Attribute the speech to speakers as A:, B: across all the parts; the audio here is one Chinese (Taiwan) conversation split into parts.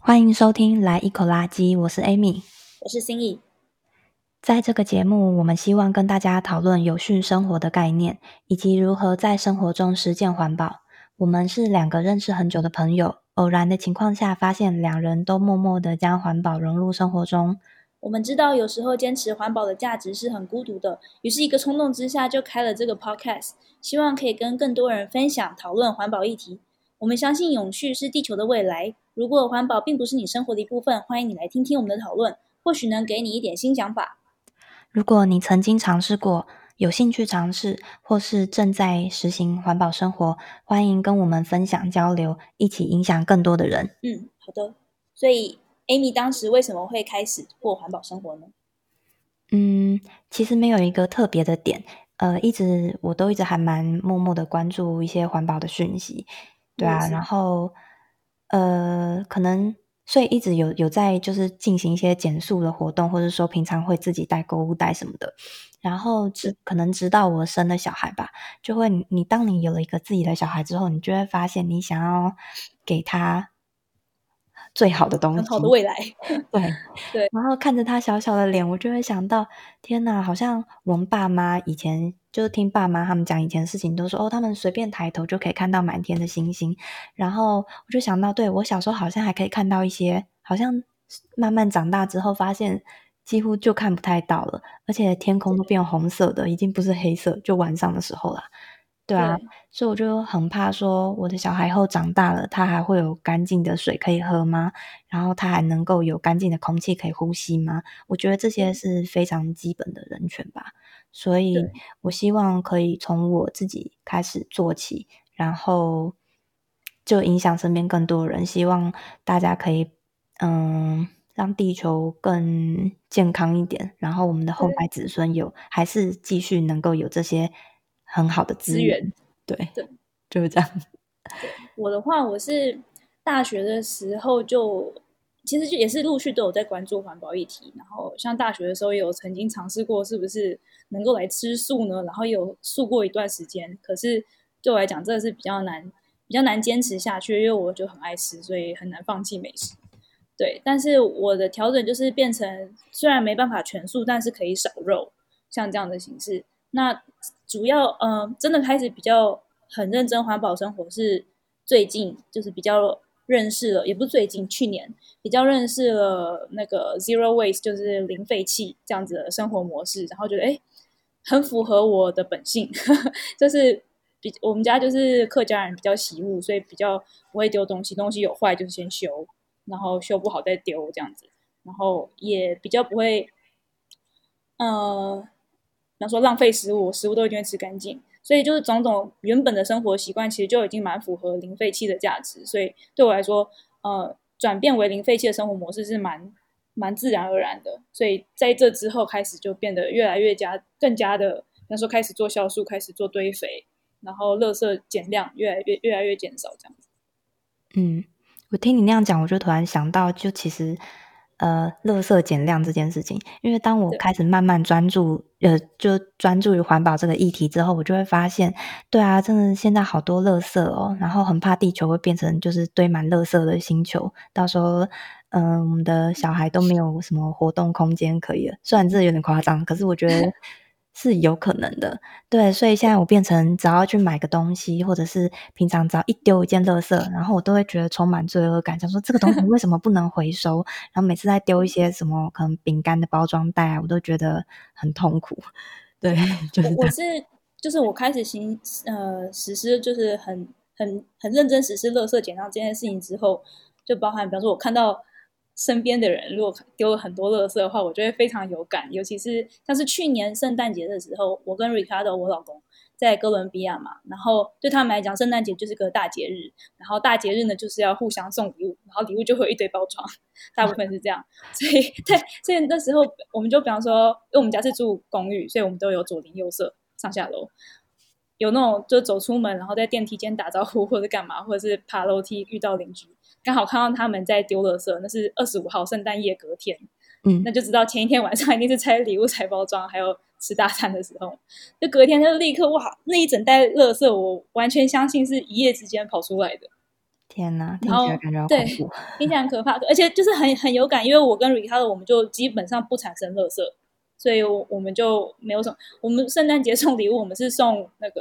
A: 歡迎收聽《來一口垃圾》，我是 Amy，我是 Cinyee。在這個節目，我們希望跟大家討論永續生活的概念，以及如何在生活中實踐環保。我們是兩個認識很久的朋友，偶然的情況下發現兩人都默默地將環保融入生活中。
B: 我們知道有時候堅持環保的價值是很孤獨的，於是一個衝動之下就開了這個 podcast，希望可以跟更多人分享討論環保議題。我們相信永續是地球的未來。如果環保並不是你生活的一部分，歡迎你來聽聽我們的討論，或許能給你一點新想法。
A: 如果你曾經嘗試過。有興趣嘗試或是正在實行環保生活，歡迎跟我們分享交流，一起影響更多的人。嗯，
B: 好的。所以，Amy 當時為什麼會開始過環保生活呢？嗯，
A: 其實沒有一個特別的點，呃，一直我都一直還蠻默默的關注一些環保的訊息，
B: 對啊。對啊，然
A: 後，呃，可能所以一直有有在就是進行一些減塑的活動，或者說平常會自己帶購物袋什麼的。然後知可能直到我生了小孩吧，就會你、你當你有了一個自己的小孩之後，你就會發現你想要給他最好的東西，很好的未來。
B: 對
A: 對，對，然後看着他小小的臉，我就會想到，天吶，好像我們爸媽以前就聽爸媽他們講以前的事情，都說哦，他們隨便抬頭就可以看到滿天的星星。然後我就想到，對，我小時候好像還可以看到一些，好像慢慢長大之後發現。幾乎就看不太到了，而且天空都變紅色的，對已經不是黑色，就晚上的時候啦。對啊，對所以我就很怕說，我的小孩以後長大了，他還會有乾淨的水可以喝嗎？然後他還能夠有乾淨的空氣可以呼吸嗎？我覺得這些是非常基本的人權吧。所以我希望可以從我自己開始做起，然後就影響身邊更多人。希望大家可以，嗯。讓地球更健康一點，然後我們的後代子孫有對還是繼續能夠有這些很好的資源，對源對，
B: 對就是這樣對。我的話，我是大學的時候就其實就也是陸續都有在關注環保議題，然後像大學的時候也有曾經嘗試過是不是能夠來吃素呢，然後也有素過一段時間，可是對我來講真的是比較難，比較難堅持下去，因為我就很愛吃，所以很難放棄美食。對，但是我的調整就是變成雖然沒辦法全素，但是可以少肉，像這樣的形式。那主要嗯、呃，真的開始比較很認真環保生活是最近，就是比較認識了，也不是最近，去年比較認識了那個 zero waste 就是零廢棄這樣子的生活模式，然後覺得哎，很符合我的本性。呵呵，就是比我們家就是客家人比較惜物，所以比較不會丟東西，東西有壞就是先修。然後修不好再丟這樣子，然後也比較不會，呃，比方說浪費食物，食物都已經會吃乾淨。所以就是種種原本的生活習慣其實就已經蠻符合零廢棄的價值，所以對我來說，呃，轉變為零廢棄的生活模式是蠻蠻自然而然的。所以在這之後開始就變得越來越加更加的，比方說開始做酵素，開始做堆肥，然後垃圾減量越來越越來越減少這樣子，嗯。
A: 我聽你那樣講，我就突然想到，就其實，呃，垃圾減量這件事情，因為當我開始慢慢專注，對呃，就專注於環保這個議題之後，我就會發現，對啊，真的現在好多垃圾哦，然後很怕地球會變成就是堆滿垃圾的星球，到時候，嗯、呃，我們的小孩都沒有什麼活動空間可以了。雖然這有點誇張，可是我覺得。 是有可能的，對，所以現在我變成只要去買個東西，或者是平常只要一丟一件垃圾，然後我都會覺得充滿罪惡感，想說這個東西為什麼不能回收？ 然後每次再丟一些什麼可能餅乾的包裝袋啊，我都覺得很痛苦。對，就是我，我是
B: 就是我開始行呃實施就是很很很認真實施垃圾減量這件事情之後，就包含比方說我看到身邊的人如果丟了很多垃圾的話，我就會非常有感。尤其是像是去年聖誕節的時候，我跟 Ricardo 我老公在哥倫比亞嘛，然後對他們來講，聖誕節就是個大節日，然後大節日呢就是要互相送禮物，然後禮物就會有一堆包裝，大部分是這樣。所以對，所以那時候我們就比方說，因為我們家是住公寓，所以我們都有左鄰右舍上下樓。有那種就走出門，然後在電梯間打招呼，或者幹嘛，或者是爬樓梯遇到鄰居，剛好看到他們在丟垃圾，那是二十五號聖誕夜隔天，嗯，那就知道前一天晚上一定是拆禮物、拆包裝，還有吃大餐的時候，就隔天就立刻哇，那一整袋垃圾，我完全相信是一夜之間跑出來的，天哪，聽起來感覺好恐怖，然後對，聽起來很可怕，而且就是很很有感，因為我跟 Ricardo 我們就基本上不產生垃圾。所以我，我們就沒有什麼。我們聖誕節送禮物，我們是送那個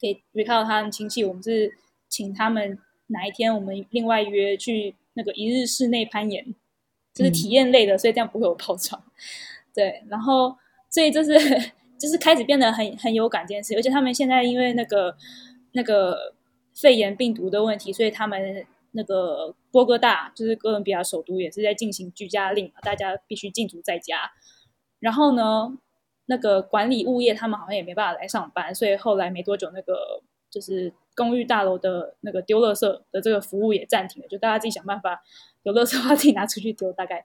B: 給沒看到他們親戚。我們是請他們哪一天，我們另外約去那個一日室內攀岩，就是體驗類的，所以這樣不會有爆倉。嗯、對，然後所以就是就是開始變得很很有感件事，而且他們現在因為那個那個肺炎病毒的問題，所以他們那個波哥大就是哥倫比亞首都也是在進行居家令，大家必須禁足在家。然後呢，那個管理物業他們好像也沒辦法來上班，所以後來沒多久，那個就是公寓大樓的那個丟垃圾的這個服務也暫停了，就大家自己想辦法，有垃圾的話自己拿出去丟，大概，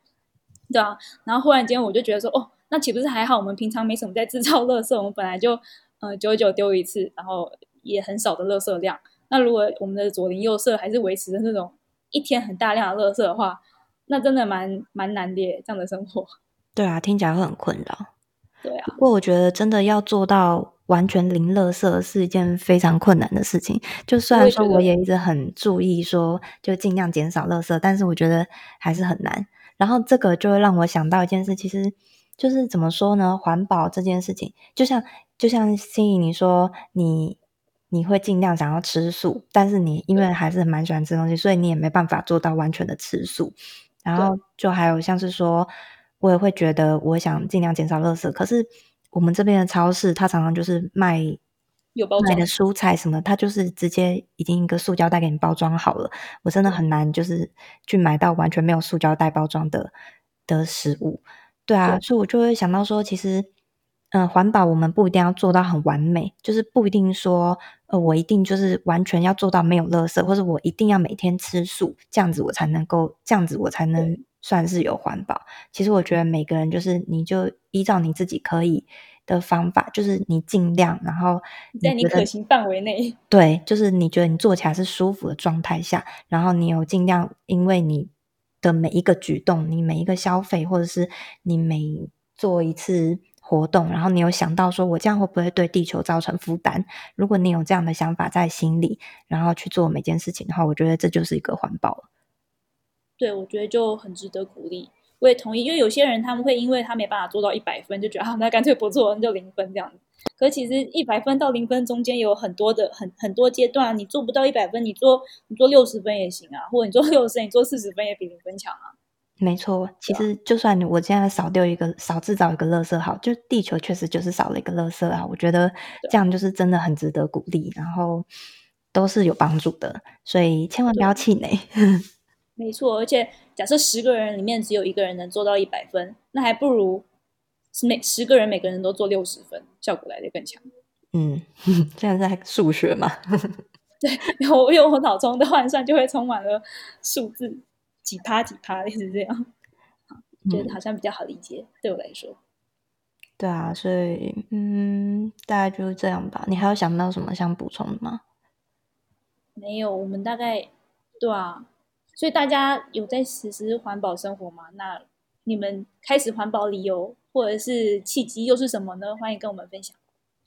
B: 對啊，然後忽然間我就覺得說，哦，那豈不是還好？我們平常沒什麼在製造垃圾，我們本來就嗯久久丟一次，然後也很少的垃圾量。那如果我們的左鄰右舍還是維持着那種一天很大量的垃圾的話，那真的蠻蠻難的耶，這樣的生活。
A: 對啊，聽起來會很困擾。對啊，不過我覺得真的要做到完全零垃圾是一件非常困難的事情。就雖然說我也一直很注意，說就儘量減少垃圾，但是我覺得還是很難。然後這個就會讓我想到一件事，其實就是怎麼說呢？環保這件事情，就像就像心怡你說，你你會儘量想要吃素，但是你因為還是蠻喜歡吃東西，對所以你也沒辦法做到完全的吃素。然後就還有像是說，我也會覺得，我想儘量減少垃圾。可是我們這邊的超市，它常常就是賣有包裝的蔬菜什麼的，它就是直接已經一個塑膠袋給你包裝好了。我真的很難就是去買到完全沒有塑膠袋包裝的的食物。對啊，對所以我就會想到說，其實嗯、呃，環保我們不一定要做到很完美，就是不一定說呃，我一定就是完全要做到沒有垃圾，或是我一定要每天吃素，這樣子我才能夠這樣子我才能。算是有環保。其實我覺得每個人就是，你就依照你自己可以的方法，就是你盡量，然後你在你可行
B: 範圍內，
A: 對，就是你覺得你做起來是舒服的狀態下，然後你有盡量，因為你的每一個舉動，你每一個消費，或者是你每做一次活動，然後你有想到說，我這樣會不會對地球造成負擔？如果你有這樣的想法在心裡，然後去做每件事情的話，我覺得這就是一個環保。
B: 對，我覺得就很值得鼓勵。我也同意，因為有些人他們會因為他沒辦法做到一百分，就覺得啊，那乾脆不做，那就零分這樣。可其實一百分到零分中間有很多的很很多階段，你做不到一百分，你做你做六十分也行啊，或者你做六十分，你做四十分也比零分強啊。
A: 沒錯，其實就算我現在少掉一個，少製造一個垃圾好，就地球確實就是少了一個垃圾啊。我覺得這樣就是真的很值得鼓勵，然後都是有幫助的，所以千萬不要氣餒！
B: 沒錯，而且假設十個人裡面只有一個人能做到一百分，那還不如每十個人每個人都做六十分，效果來得更強。嗯，
A: 這樣是數學嘛？
B: 對，然後用我腦中的換算就會充滿了數字，幾趴幾趴的，就是這樣，覺得好像比較好理解，嗯、對我來說。
A: 對啊，所以嗯，大概就是這樣吧。你還有想到什麼想補充的嗎？
B: 沒有，我們大概對啊。所以大家有在實施環保生活嗎？那你們開始環保理由或者是契機又是什麼呢？歡迎跟我們分享。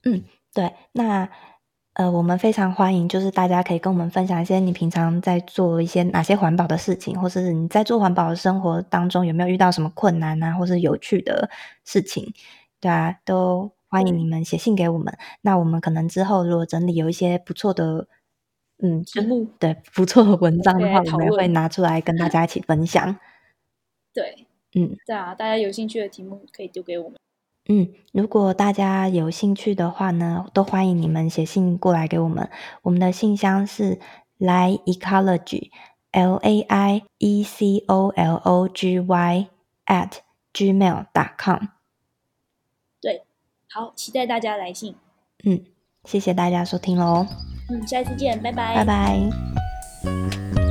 A: 嗯，對，那呃，我們非常歡迎，就是大家可以跟我們分享一些你平常在做一些哪些環保的事情，或者是你在做環保的生活當中有沒有遇到什麼困難啊，或是有趣的事情？對啊，都歡迎你們寫信給我們。嗯，那我們可能之後如果整理有一些不錯的。嗯，題目部對不錯的文章的話，我 Okay, 們會拿出來問跟大家一起分享。
B: 對，嗯，對啊，大家有興趣的題目可以丟給我們。
A: 嗯，如果大家有興趣的話呢，都歡迎你們寫信過來給我們。我們的信箱是 lai ecology lai ecology, l a i e c o l o g y at gmail dot com。
B: 對，好，期待大家來信。嗯，
A: 謝謝大家收聽嘍。
B: 嗯，下期見，拜拜，拜拜。